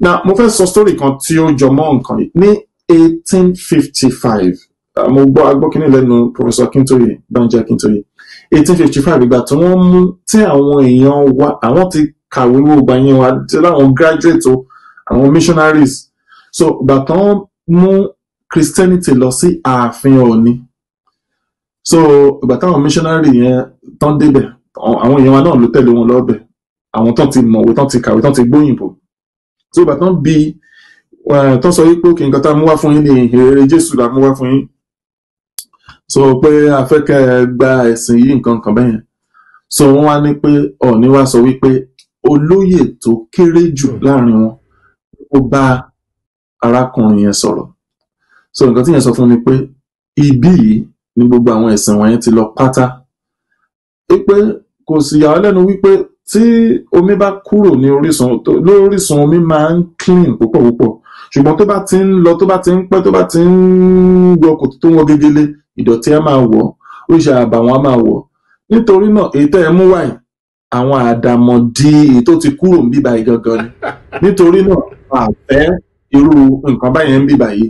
now mo fẹ́ sọ story kan tí ó jọ mọ́ nǹkan yìí ní eighteen fifty five mo gbọ́ agbókínì lẹ́nu professor Akintoye Banji Akintoye eighteen fifty five ìgbà tí wọ́n mú tí àwọn èèyàn wa àwọn ti kàwé wo gbà wa ti láwọn graduate o àwọn missionaries so ìgbà tí wọ́n mú Christianity lọ sí ààfin Ọ̀ọ̀ni so ìgbà táwọn missionary yẹn tán débẹ̀ àwọn èèyàn wa náà ló tẹ̀lé wọn lọ́bẹ̀ àwọn tán ti mọ̀wé tán ti kàwé tán ti gbóyìnbó so bàtán bi tán sọ wípé òkè nǹkan tá a mú wá fún yín ní ìhìnrere Jésù la mú wá fún yín sọ pé afẹ́kẹ́ gba ẹ̀sìn yìí nǹkan kan bẹ́yẹn so wọ́n wá ní pé ọ̀ọ́ni wá sọ wípé olóyè tó kéré jù láàrin wọn ó bá arákùnrin yẹn sọ̀rọ̀ so nǹkan tí yẹn sọ fún mi pé ibí yìí ni gbogbo àwọn ẹ̀sìn wọ̀nyẹn ti lọ pátá pé kò sì yà ọ́ lẹ́nu wípé tí omi bá kúrò ní orísun lórísun omi máa ń clean púpọ̀ púpọ̀ ṣùgbọ́n tó bá ti ń lọ tó bá ti ń pẹ́ tó bá ti ń gbọ́ kò tó wọn gegele ìdọ̀tí á máa wọ̀ oríṣi àbàwọ́n á máa wọ̀ nítorí náà èyí tẹ́ ẹ mú wáyé àwọn àdàmọ̀dì tó ti kúrò ń bíbá yìí gangan ni nítorí náà a fẹ́ irú nǹkan báyẹn ń bíbá yìí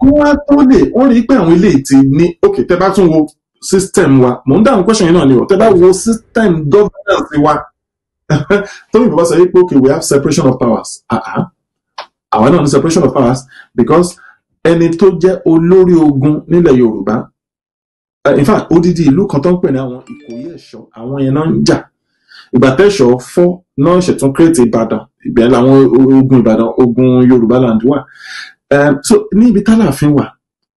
kó wá tó lè wọ́n rí pé àwọn ilé ti ní òkè tẹ́ bá tún wo system wa mò ń dáhùn question yìí náà ni o tẹ́ bá wo system governance wa tóbi bàbá sọ pé okay we have separation of powers àwa náà ní separation of powers because ẹni tó jẹ́ olórí ogun nílẹ̀ Yorùbá eh, in fact odidi ìlú kan tó ń pè ní àwọn Ìkòyí Ẹ̀ṣọ́ àwọn yẹn náà ń jà ìgbàtẹ́ṣọ̀ fọ́ náà ṣètún kírètì Ìbàdàn ìgbẹ́ làwọn ogun Ìbàdàn ogun Yorùbá land wà eh, so ní ibi tá láàfin wà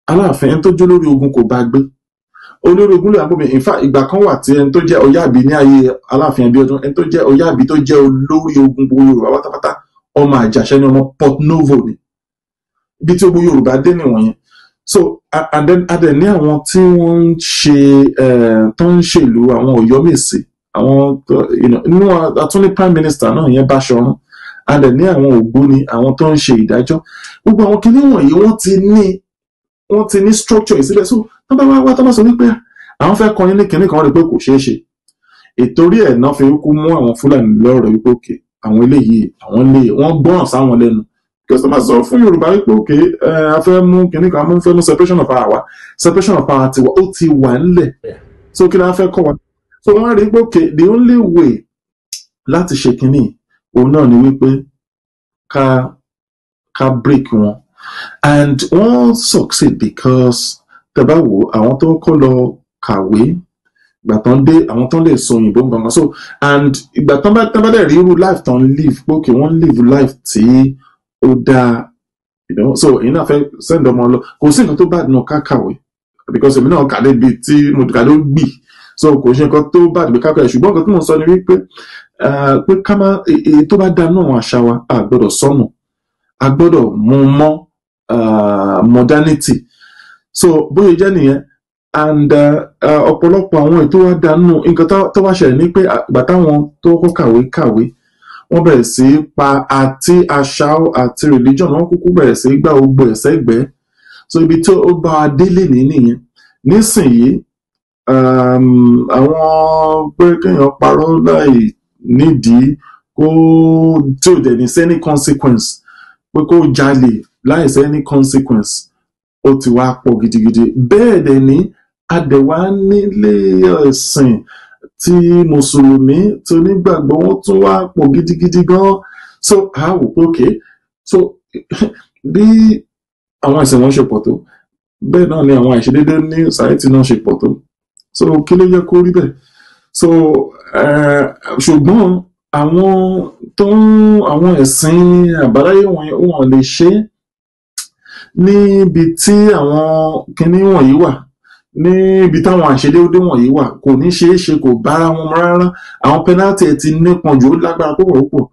Aláàfin ẹni tó jó lórí ogun kò bá gbé olórogún lè àpòmí in fact ìgbà kan wà tí ẹni tó jẹ́ ọ̀yáàbí ní ayé aláàfin Abíọ́dún ẹni tó jẹ́ ọ̀yáàbí tó jẹ́ olórí ogun gbogbo Yorùbá pátápátá ọmọ àjàṣẹ ni ọmọ Port Novo ni ibi tí gbogbo Yorùbá dé nìwọ̀nyẹn so and then adẹ ní àwọn tí wọ́n ń ṣe tó ń ṣèlú àwọn Ọ̀yọ́mèsì àwọn inú atúnlé prime minister náà yẹn Báṣọ̀run adẹ ní àwọn Ògbóni àwọn tó ń ṣe ìdájọ́ gbogbo àwọn kinní wọ̀nyí wọ́n ti ní wọ́n ti ní structure yìí so wọ́n bá wá wá tọ́ bá sọ wípé àwọn fẹ́ kọrin ní kinní kan rí pé kò ṣeé ṣe ètò orí ẹ̀ náà fi kú mú àwọn fúlàní lọ́rọ̀ wípé òkè àwọn eléyìí àwọn lè wọ́n gbọ́ràn sáwọn lẹ́nu kẹsìtọ́mà sọ fún yorùbá wípé òkè a fẹ́ mú kinní kan mú fẹ́ mú separation of power wá separation of power tiwa ó ti wà ńlẹ̀ so kí ni a fẹ́ kọ́ wa so wọ́n rí pé òkè the only way láti ṣe kinní òun náà ni wípé ká ká break wọn and wọ́n succeed because tẹ́bá wo àwọn tó kọ́ lọ kàwé ìgbà tán dé àwọn tán lè sọ òyìnbó gbọ̀ngàn so and ìgbà tán bá tán bá dẹ̀ rí irú life tán live pé òkè wọ́n live life tí ó dáa so èyí náà fẹ́ send ọmọ lọ kò sí nǹkan tó bá nù ká kàwé because èmi náà kàdé bi tí mo kàdé gbì so kò ṣe nǹkan tó bá dùn pé ká kàwé ṣùgbọ́n nǹkan tí mo sọ ni wípé eh, pé ká má èyí tó bá dáa náà àṣà wa a sọnù a mú mọ́ Uh, modernity so bóyá jẹ́ nìyẹn and uh, ọ̀pọ̀lọpọ̀ àwọn ètò wa dànù nǹkan tó wá ṣẹlẹ̀ ni pé àgbà táwọn tó kọ́ kàwé kàwé wọ́n bẹ̀rẹ̀ sí pa àti àṣà àti religion wọ́n kúkú bẹ̀rẹ̀ sí í gbá gbogbo ẹ̀ so ibi tó ó bá a délé ní nìyẹn nísìnyí um, àwọn pé kéèyàn parọ́ láì nídìí kó tí ò dẹ̀ ní sẹ́ni consequence pé kó jalè láìsẹ́ any consequence ó ti wá pọ̀ gidigidi bẹ́ẹ̀ dẹ̀ ni adẹ̀wá nílé ẹ̀sìn tí mùsùlùmí tó nígbàgbọ́ wọn tún wá pọ̀ gidigidi gan so a wò pé ok so bí àwọn àìsàn wọn ṣe pọ̀ tó bẹ́ẹ̀ náà ni àwọn àìṣedédé ní sàyẹ́tì náà ṣe pọ̀ tó so kí ló yẹ kó rí bẹ́ẹ̀ so eh, ṣùgbọ́n àwọn tó ń àwọn ẹ̀sìn àbáláyé wọn lè ṣe é níbi tí àwọn kinní wọ̀nyí wà níbi táwọn àṣedéédé wọ̀nyí wà kò ní ṣeé ṣe kò bára wọn rárá àwọn penalty ẹ̀ ti nípọn jù ó lágbára púpọ̀ púpọ̀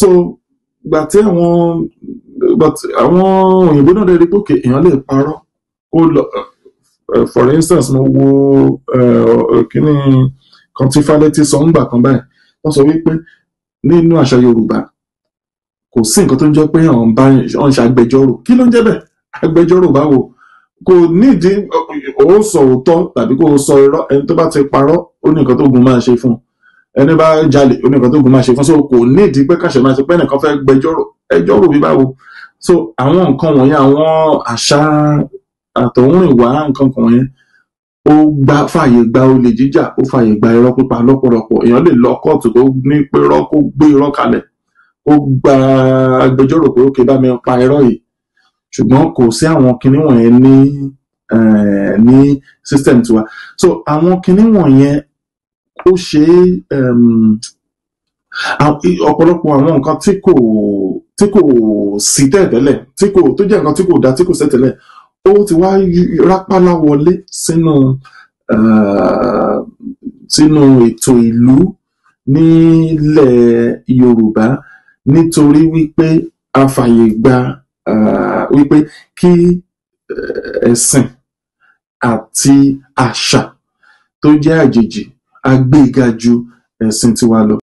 so gbà tí àwọn àwọn òyìnbó náà lè rí pòkè èèyàn lè parọ́ ó lọ for instance mo wo eh, kinní kan tí Fálétí sọ ń gbà kan báyìí wọ́n sọ wípé nínú àṣà Yorùbá kò sí nǹkan tó ń jẹ́ pé ọ̀n bá ọ̀n ṣe agbẹjọ́rò kí ló ń jẹ́ bẹ́ẹ̀ agbẹjọ́rò báwo kò nídìí ó sọ òótọ́ tàbí kó o sọ irọ́ ẹni tó bá ti parọ́ ó ní nǹkan tó gun máa ṣe fún ẹni bá jalè ó ní nǹkan tó gun máa ṣe fún so kò nídìí pé kàṣẹ máa ṣe pé ẹnìkan fẹ́ gbẹjọ́rò ẹjọ́rò bí báwo so àwọn nǹkan wọ̀nyẹn àwọn àṣà àtọ̀húnrìnwá nǹkan kan wọ̀nyẹn ó gbá fàyè gba olè jíjà ó fàyè gba irọ́ pípa lọ́pọ̀lọpọ̀ èèyàn lè lọ kóòtù tó ní pé irọ́ kó gbé irọ́ kalẹ̀ ó gba agbẹjọ́rò pé ókè bá mi pa irọ́ yìí ṣùgbọ́n kò sí àwọn kinní wọ̀nyẹn ní eh, ní system tiwa so àwọn kinní wọ̀nyẹn ó ṣe ehm, ọ̀pọ̀lọpọ̀ àwọn nǹkan tí kò tí kò sí tẹ̀tẹ̀lẹ̀ tí kò tó jẹ́ nǹkan tí kò dá tí kò sẹ́tẹ̀lẹ̀ ó ti wá rápálá wọlé sínú sínú ètò ìlú nílẹ̀ Yorùbá nítorí wípé a fàyè gba wípé kí ẹ̀sìn àti àṣà tó jẹ́ àjèjì a gbé ga ju ẹ̀sìn tiwa lọ.